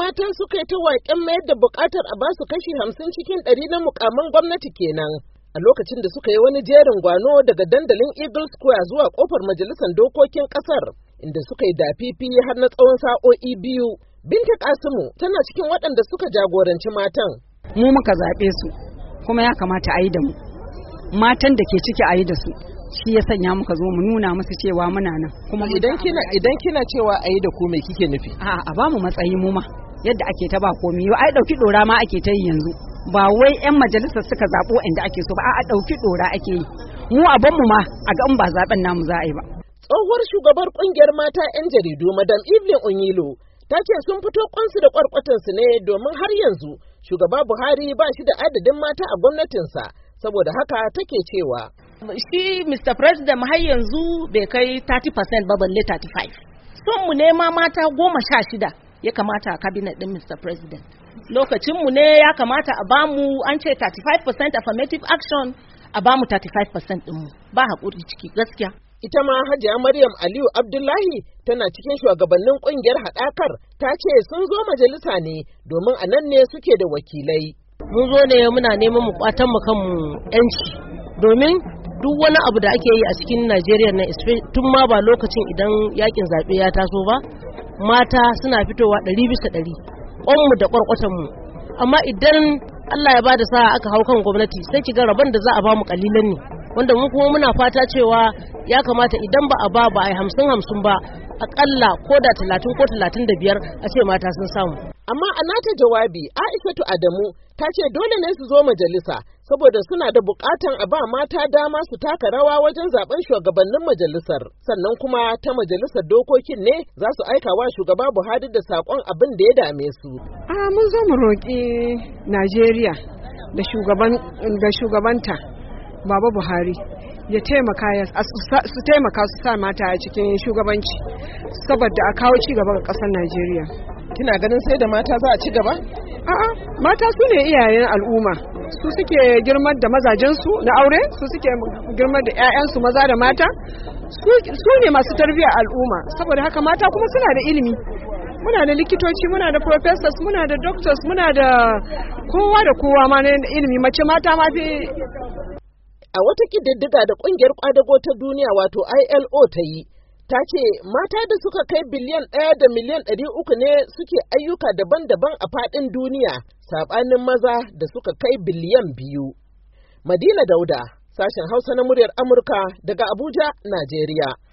matan suka yi ta waƙen mayar da buƙatar a basu kashi hamsin cikin ɗari na mukamin gwamnati kenan. A lokacin da suka yi wani jerin gwano daga dandalin Eagle Square zuwa ƙofar majalisar dokokin ƙasar, inda suka yi dafifi har na tsawon sa'o'i biyu. Binta Kasimu tana cikin waɗanda suka jagoranci matan. Mu muka zaɓe su, kuma ya kamata a yi da mu. Matan da ke ciki a yi da su. shi ya sanya muka zo mu nuna musu cewa muna nan kuma idan kina idan kina cewa yi da ku me kike nufi a a ba mu matsayi mu ma yadda ake ta ba komi ai dauki dora ma ake ta yi yanzu ba wai yan majalisar suka zaɓo inda ake so ba a dauki dora ake yi mu a banmu ma a ga in ba zaben namu za a yi ba tsohuwar shugabar kungiyar mata yan jaridu madam evelyn onyilo ta ce sun fito kwansu da kwarkwatansu ne domin har yanzu shugaba buhari ba shi da adadin mata a gwamnatinsa saboda haka take cewa shi mr president har yanzu bai kai 30% ba balle 35 son mu nema mata goma sha shida ya kamata a cabinet din Mr. President. Lokacinmu ne ya kamata a bamu an ce 35% affirmative action a bamu 35% ɗinmu ba hakuri ciki gaskiya. Ita ma Hajiya Maryam Aliyu Abdullahi tana cikin shugabannin ƙungiyar haɗakar ta ce sun zo majalisa ne domin a nan ne suke da wakilai. Mun zo ne muna neman mu ƙwatan mu kanmu ‘yanci domin duk wani abu da ake yi a cikin Najeriya na tun ma ba lokacin idan yakin zaɓe ya taso ba mata suna fitowa ɗari bisa ɗari ƙwanmu da ƙwarƙwatanmu amma idan Allah ya ba da sa aka hau kan gwamnati sai ki ga rabon da za a bamu ƙalilan ne wanda mu kuma muna fata cewa ya kamata idan ba a ba ba a yi hamsin hamsin ba aƙalla ko da talatin ko talatin da biyar a ce mata sun samu. Amma a nata jawabi Aishatu Adamu ta ce dole ne su zo majalisa saboda suna da bukatan a ba mata dama su taka rawa wajen zaben shugabannin majalisar sannan kuma ta majalisar dokokin ne za su aika wa shugaba buhari da sakon abin da ya dame su a mun zo mu roƙi najeriya da shugabanta baba buhari ya taimaka ya su taimaka su sa mata a cikin shugabanci saboda a kawo ci gaba ga ƙasar najeriya kina ganin sai da mata za a ci gaba a'a mata su ne iyayen al'umma su suke girmar da mazajensu na aure su suke girmar da 'ya'yansu maza da mata su ne masu tarbiyyar al'umma saboda haka mata kuma suna da ilimi muna da likitoci muna da professors muna da doctors muna da kowa da kowa ma na ilimi mace mata ma fi a wata kididdiga da kungiyar kwadago ta duniya wato ILO ta yi ta ce mata da suka kai biliyan ɗaya da miliyan ɗari uku ne suke ayyuka daban-daban a faɗin duniya saɓanin maza da suka kai biliyan biyu. Madina Dauda, sashen Hausa na muryar Amurka daga Abuja, Najeriya.